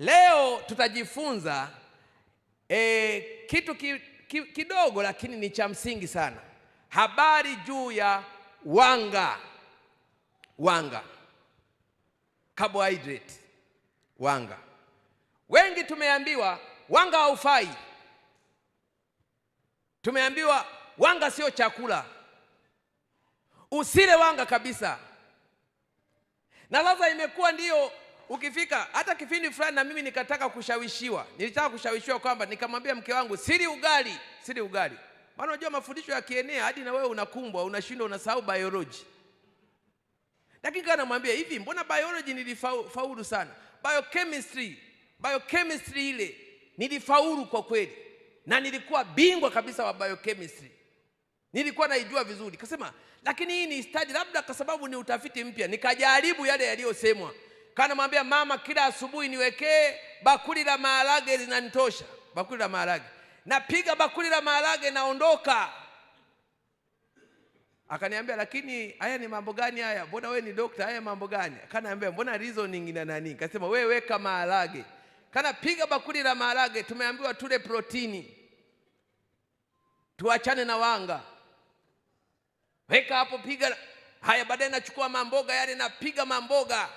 Leo tutajifunza e, kitu ki, ki, kidogo lakini ni cha msingi sana, habari juu ya wanga. Wanga carbohydrate, wanga. Wengi tumeambiwa wanga haufai, tumeambiwa wanga sio chakula, usile wanga kabisa, na sasa imekuwa ndiyo ukifika hata kipindi fulani, na mimi nikataka kushawishiwa, nilitaka kushawishiwa kwamba nikamwambia mke wangu sili ugali, sili ugali, maana unajua mafundisho yakienea hadi na wewe unakumbwa, unashindwa, unasahau biology. Lakini kana namwambia hivi, mbona biology nilifaulu sana, biochemistry, biochemistry ile nilifaulu kwa kweli, na nilikuwa bingwa kabisa wa biochemistry, nilikuwa naijua vizuri. Kasema lakini hii ni study, labda kwa sababu ni utafiti mpya, nikajaribu yale yaliyosemwa Kanamwambia mama, kila asubuhi niwekee bakuli la maharage, linanitosha bakuli la maharage. Napiga bakuli la maharage, naondoka. Akaniambia, lakini haya ni mambo gani haya? Mbona wewe ni dokta, haya mambo gani? Kanaambia, mbona reasoning na nani? Kasema, wewe weka maharage. Kanapiga bakuli la maharage, tumeambiwa tule protini, tuachane na wanga, weka hapo, piga haya. Baadaye nachukua mamboga yale, napiga mamboga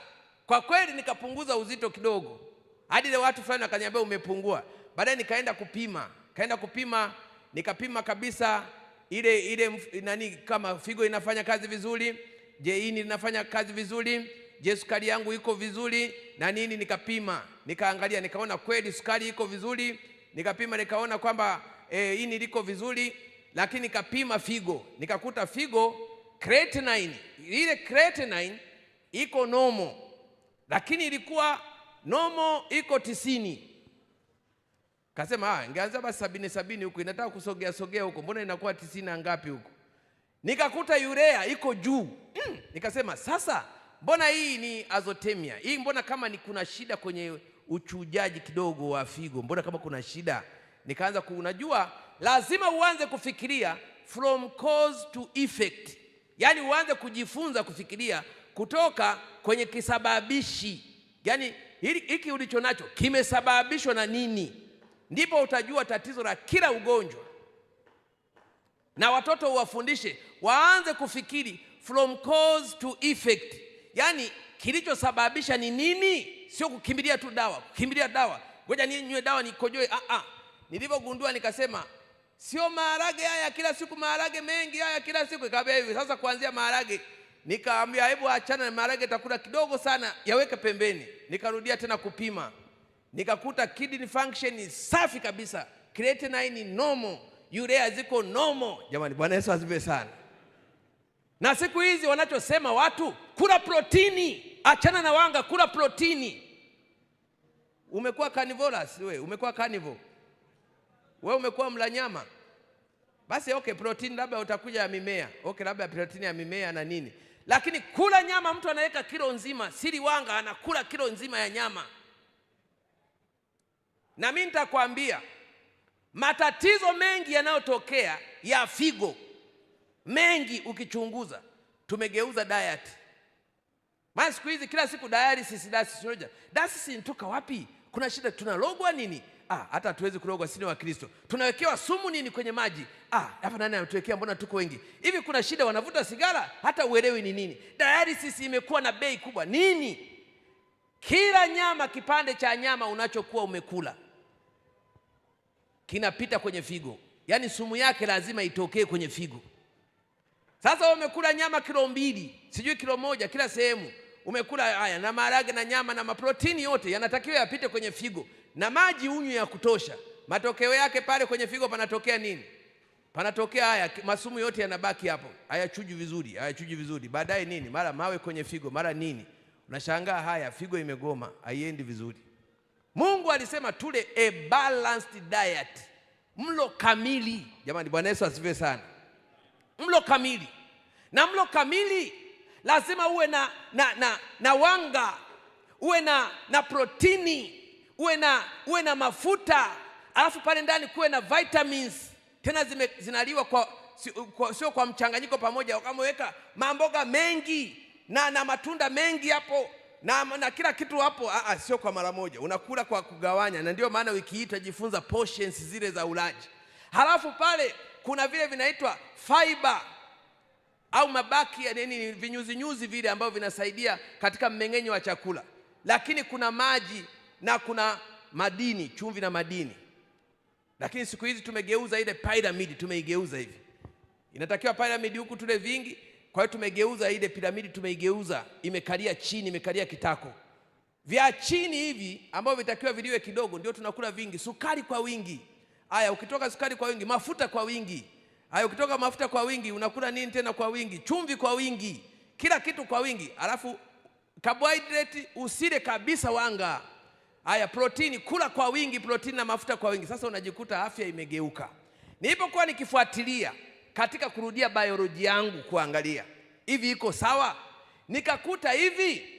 kwa kweli nikapunguza uzito kidogo, hadi ile watu fulani wakaniambia umepungua. Baadaye nikaenda kupima, kaenda kupima, nikapima kabisa ile ile nani, kama figo inafanya kazi vizuri, je, ini linafanya kazi vizuri, je, sukari yangu iko vizuri na nini. Nikapima, nikaangalia, nikaona kweli sukari iko vizuri. Nikapima nikaona kwamba e, ini liko vizuri, lakini nikapima figo, nikakuta figo creatinine, ile creatinine iko nomo lakini ilikuwa nomo iko tisini. Kasema ah, ingeanza basi sabini sabini huku, inataka kusogea sogea huko, mbona inakuwa tisini na ngapi huko? Nikakuta urea iko juu mm. Nikasema sasa, mbona hii ni azotemia hii, mbona kama ni kuna shida kwenye uchujaji kidogo wa figo, mbona kama kuna shida. Nikaanza kunajua, lazima uanze kufikiria from cause to effect, yaani uanze kujifunza kufikiria kutoka kwenye kisababishi, yaani hiki ulicho nacho kimesababishwa na nini, ndipo utajua tatizo la kila ugonjwa. Na watoto uwafundishe waanze kufikiri from cause to effect, yaani kilichosababisha ni nini, sio kukimbilia tu dawa, kukimbilia dawa, ngoja ninywe dawa nikojoe. Ah, ah. Nilivyogundua nikasema sio maharage haya kila siku, maharage mengi haya kila siku, ikabidi hivi sasa, kuanzia maharage Nikaambia hebu achana na maharage, takula kidogo sana, yaweke pembeni. Nikarudia tena kupima, nikakuta kidney function ni safi kabisa, creatinine ni nomo, urea ziko nomo. Jamani, Bwana Yesu azibe sana. Na siku hizi wanachosema watu, kula protini, achana na wanga, kula protini. Umekuwa carnivorous wewe, umekuwa carnivore wewe, umekuwa mla nyama basi okay, protini labda utakuja ya mimea okay, labda protini ya mimea na nini lakini kula nyama, mtu anaweka kilo nzima, siliwanga anakula kilo nzima ya nyama. Na mimi nitakwambia matatizo mengi yanayotokea ya figo mengi, ukichunguza tumegeuza diet. Maana siku hizi kila siku dialysis, dialysis, dialysis inatoka wapi? Kuna shida, tunalogwa nini? ah, hata hatuwezi kurogwa, sini wa Wakristo. Tunawekewa sumu nini kwenye maji? Ah, hapa nani anatuwekea? Mbona tuko wengi hivi? Kuna shida, wanavuta sigara, hata uelewi ni nini. sisi imekuwa na bei kubwa nini? Kila nyama, kipande cha nyama unachokuwa umekula kinapita kwenye figo, yaani sumu yake lazima itokee kwenye figo. Sasa umekula nyama kilo mbili, sijui kilo moja, kila sehemu umekula haya na maharage na nyama na maprotini yote yanatakiwa yapite kwenye figo na maji unywe ya kutosha. Matokeo yake pale kwenye figo panatokea nini? Panatokea haya masumu yote yanabaki hapo, hayachuji vizuri, hayachuji vizuri. Baadaye nini? Mara mawe kwenye figo, mara nini, unashangaa haya, figo imegoma, haiendi vizuri. Mungu alisema tule a balanced diet, mlo kamili. Jamani, Bwana Yesu asifiwe sana. Mlo kamili na mlo kamili lazima uwe na, na, na, na wanga uwe na, na protini uwe na, uwe na mafuta alafu pale ndani kuwe na vitamins tena zime, zinaliwa kwa, sio kwa, sio kwa mchanganyiko pamoja wakameweka mamboga mengi na, na matunda mengi hapo na, na kila kitu hapo a, ah, ah, sio kwa mara moja unakula kwa kugawanya na ndio maana wiki hii tutajifunza portions zile za ulaji halafu pale kuna vile vinaitwa fiber au mabaki ya nini, vinyuzinyuzi vile ambavyo vinasaidia katika mmeng'enyo wa chakula, lakini kuna maji na kuna madini, chumvi na madini. Lakini siku hizi tumegeuza ile pyramid, tumeigeuza hivi. Inatakiwa pyramid huku tule vingi, kwa hiyo tumegeuza ile piramidi, tumeigeuza imekalia chini, imekalia kitako. Vya chini hivi ambavyo vitakiwa viliwe kidogo, ndio tunakula vingi, sukari kwa wingi. Aya, ukitoka sukari kwa wingi, mafuta kwa wingi Hayo ukitoka mafuta kwa wingi, unakula nini tena kwa wingi? Chumvi kwa wingi, kila kitu kwa wingi. Alafu carbohydrate usile kabisa, wanga. Haya, protini kula kwa wingi, protini na mafuta kwa wingi. Sasa unajikuta afya imegeuka. Nilipokuwa nikifuatilia katika kurudia biology yangu kuangalia hivi iko sawa, nikakuta hivi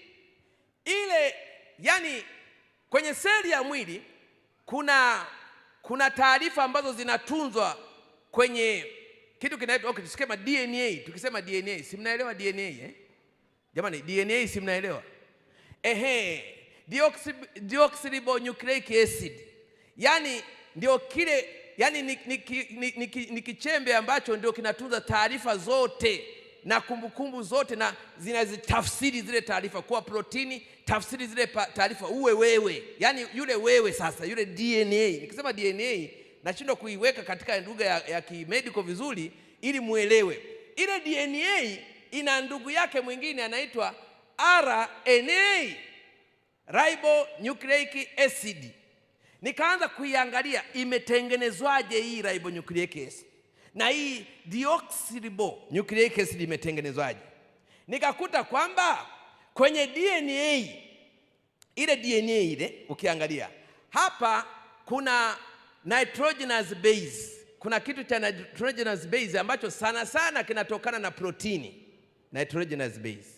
ile, yani kwenye seli ya mwili kuna kuna taarifa ambazo zinatunzwa kwenye kitu kinaitwa okay, tukisema DNA, tukisema DNA, si mnaelewa DNA eh? Jamani, DNA si mnaelewa? Ehe, deoxyribonucleic acid yani ndio kile yani ni, ni, ni, ni, ni, ni kichembe ambacho ndio kinatunza taarifa zote na kumbukumbu -kumbu zote na zinazitafsiri zile taarifa kuwa protini, tafsiri zile taarifa uwe wewe, yani yule wewe sasa, yule DNA. Nikisema DNA nashindwa kuiweka katika lugha ya, ya kimedical vizuri ili muelewe. Ile DNA ina ndugu yake mwingine anaitwa RNA, ribonucleic acid. Nikaanza kuiangalia imetengenezwaje hii ribonucleic acid na hii deoxyribonucleic acid imetengenezwaje. Nikakuta kwamba kwenye DNA ile DNA ile ukiangalia hapa kuna nitrogenous base. Kuna kitu cha nitrogenous base ambacho sana sana kinatokana na protini nitrogenous base.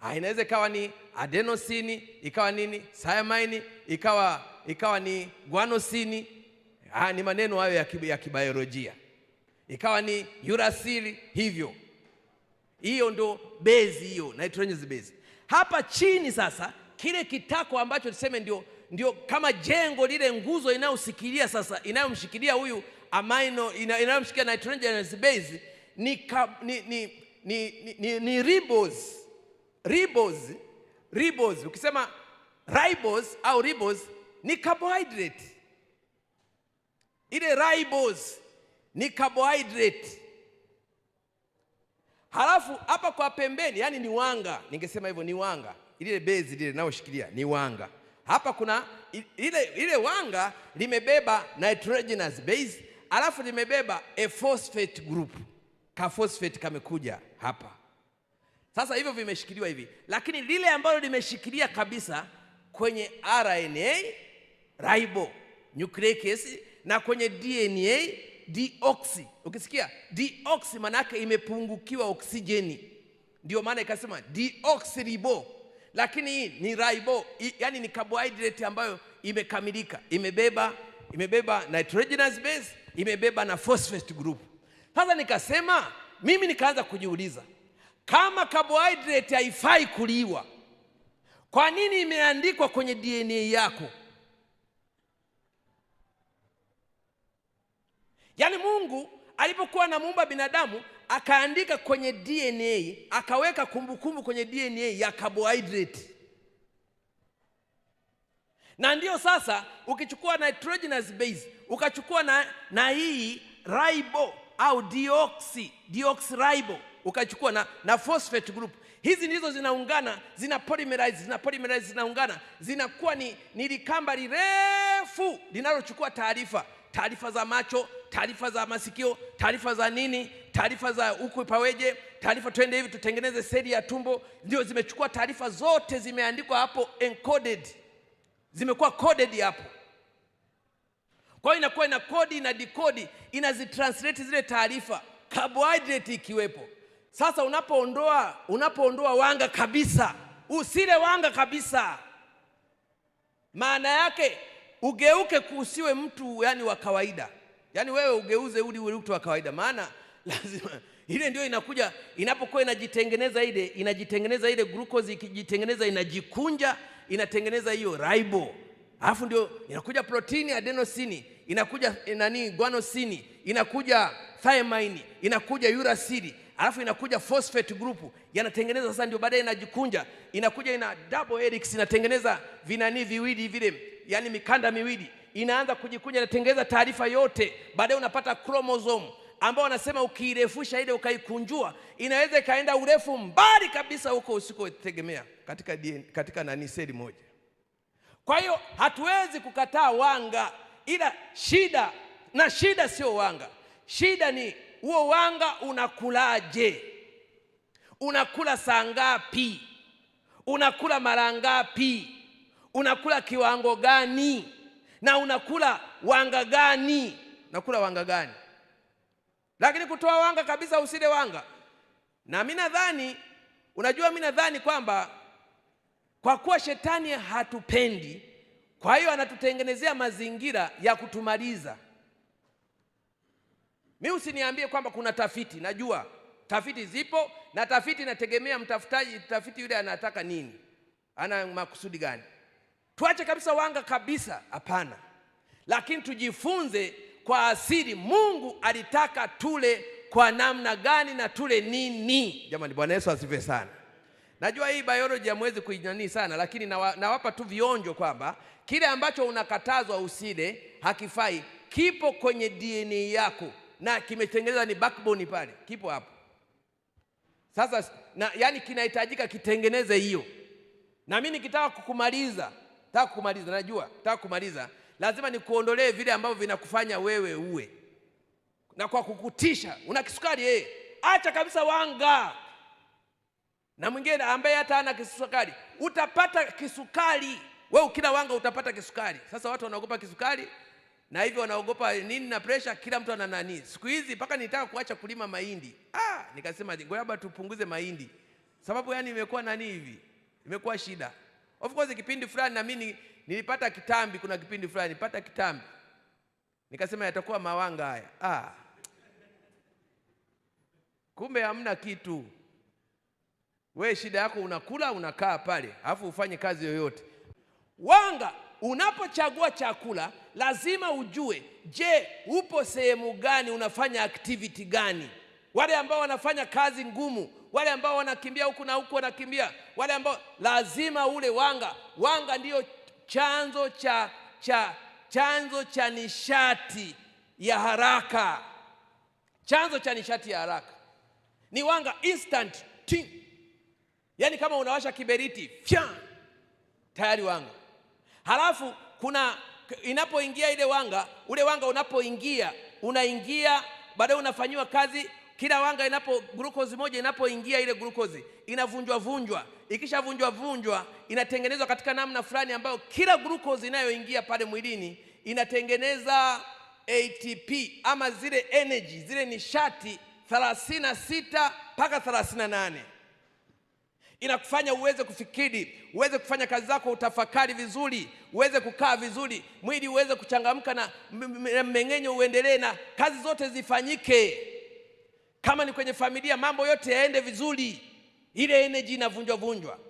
Ah, inaweza ikawa ni adenosini, ikawa nini thiamine, ikawa, ikawa ni guanosini. Ah, ni maneno hayo ya, kibayolojia ikawa ni urasili hivyo. Hiyo ndo base hiyo nitrogenous base. Hapa chini sasa kile kitako ambacho tuseme ndio ndio kama jengo lile, nguzo inayoshikilia sasa, inayomshikilia huyu amino, inayomshikilia nitrogenous base ni, ka, ni, ni, ni, ni, ni, ni ribos ribos ribos. Ukisema ribos au ribos ni carbohydrate, ile ribos ni carbohydrate. Halafu hapa kwa pembeni, yani ni wanga, ningesema hivyo, ni wanga, ile base ile inayoshikilia ni wanga hapa kuna ile, ile wanga limebeba nitrogenous base alafu limebeba a phosphate group, ka phosphate kamekuja hapa. Sasa hivyo vimeshikiliwa hivi, lakini lile ambalo limeshikilia kabisa kwenye RNA ribo nucleic acid na kwenye DNA deoxy. Ukisikia deoxy, manake imepungukiwa oksijeni, ndio maana ikasema ribo lakini hii ni raibo, yani ni carbohydrate ambayo imekamilika, imebeba imebeba nitrogenous base, imebeba na phosphate group. Sasa nikasema mimi, nikaanza kujiuliza kama carbohydrate haifai kuliwa, kwa nini imeandikwa kwenye DNA yako? Yaani Mungu alipokuwa anamuumba binadamu akaandika kwenye DNA akaweka kumbukumbu kwenye DNA ya carbohydrate, na ndiyo sasa ukichukua nitrogenous base ukachukua na, na hii ribo au deoxy, deoxyribo ukachukua na, na phosphate group hizi ndizo zinaungana zina polymerize, zina polymerize zinaungana zinakuwa ni, ni likamba lirefu linalochukua taarifa taarifa za macho taarifa za masikio taarifa za nini taarifa za huku paweje, taarifa twende hivi tutengeneze seli ya tumbo, ndio zimechukua taarifa zote, zimeandikwa hapo encoded, zimekuwa coded hapo. Kwa hiyo inakuwa ina kodi, ina decode, inazitranslate zile taarifa, carbohydrate ikiwepo. Sasa unapoondoa unapoondoa wanga kabisa, usile wanga kabisa, maana yake ugeuke, kusiwe mtu yani wa kawaida, yani wewe ugeuze uli ule mtu wa kawaida, maana lazima ile ndio inakuja inapokuwa inajitengeneza ile inajitengeneza ile glucose ikijitengeneza inajikunja inatengeneza hiyo ribo alafu ndio inakuja protini adenosini inakuja eh, nani guanosini inakuja thiamine inakuja uracili alafu inakuja phosphate group yanatengeneza sasa ndio baadaye inajikunja inakuja ina double helix inatengeneza vinani viwili vile yani mikanda miwili inaanza kujikunja inatengeneza taarifa yote baadaye unapata chromosome ambao wanasema ukiirefusha ile ukaikunjua inaweza ikaenda urefu mbali kabisa huko usikotegemea katika, DNA, katika nani seli moja. Kwa hiyo hatuwezi kukataa wanga, ila shida na shida sio wanga, shida ni huo wanga unakulaje? Unakula saa ngapi? Unakula mara ngapi? Unakula kiwango gani? Na unakula wanga gani? nakula wanga gani? lakini kutoa wanga kabisa, usile wanga. Na mimi nadhani, unajua, mimi nadhani kwamba kwa kuwa shetani hatupendi, kwa hiyo anatutengenezea mazingira ya kutumaliza. Mi usiniambie kwamba kuna tafiti, najua tafiti zipo na tafiti inategemea mtafutaji, tafiti yule anataka nini, ana makusudi gani. Tuache kabisa wanga kabisa, hapana, lakini tujifunze kwa asili Mungu alitaka tule kwa namna gani na tule nini. Jamani, Bwana Yesu asifiwe sana. Najua hii biology hamwezi kuinanii sana, lakini nawapa tu vionjo kwamba kile ambacho unakatazwa usile hakifai, kipo kwenye DNA yako na kimetengeneza ni backbone pale, kipo hapo. Sasa na, yani kinahitajika kitengeneze hiyo, na mimi nikitaka kukumaliza, nataka kukumaliza, najua nataka kukumaliza lazima nikuondolee vile ambavyo vinakufanya wewe uwe na kwa kukutisha. Una kisukari yeye, eh? acha kabisa wanga. Na mwingine ambaye hata ana kisukari, utapata kisukari wewe ukila wanga utapata kisukari. Sasa watu wanaogopa kisukari na hivyo wanaogopa nini na presha, kila mtu ana nani. Siku hizi mpaka nitaka kuacha kulima mahindi ah, nikasema ngoja tupunguze mahindi, sababu yani imekuwa nani hivi, imekuwa shida. Of course kipindi fulani na mimi nilipata kitambi, kuna kipindi fulani nilipata kitambi, nikasema yatakuwa mawanga haya ah. Kumbe hamna kitu. We shida yako unakula, unakaa pale, alafu ufanye kazi yoyote. Wanga, unapochagua chakula lazima ujue, je, upo sehemu gani, unafanya activity gani? Wale ambao wanafanya kazi ngumu, wale ambao wanakimbia huku na huku wanakimbia, wale ambao lazima ule wanga. Wanga ndiyo chanzo cha, cha, chanzo cha nishati ya haraka. Chanzo cha nishati ya haraka ni wanga instant ting, Yani kama unawasha kiberiti fya tayari wanga. Halafu kuna inapoingia ile wanga, ule wanga unapoingia unaingia, baadaye unafanyiwa kazi kila wanga inapo glukozi moja inapoingia ile glukozi inavunjwa vunjwa, ikishavunjwa vunjwa inatengenezwa katika namna fulani ambayo kila glukozi inayoingia pale mwilini inatengeneza ATP ama zile energy zile nishati 36 mpaka 38 inakufanya uweze kufikiri, uweze kufanya kazi zako, utafakari vizuri, uweze kukaa vizuri, mwili uweze kuchangamka na mmeng'enyo uendelee, na kazi zote zifanyike. Kama ni kwenye familia, mambo yote yaende vizuri, ile energy inavunjwa vunjwa.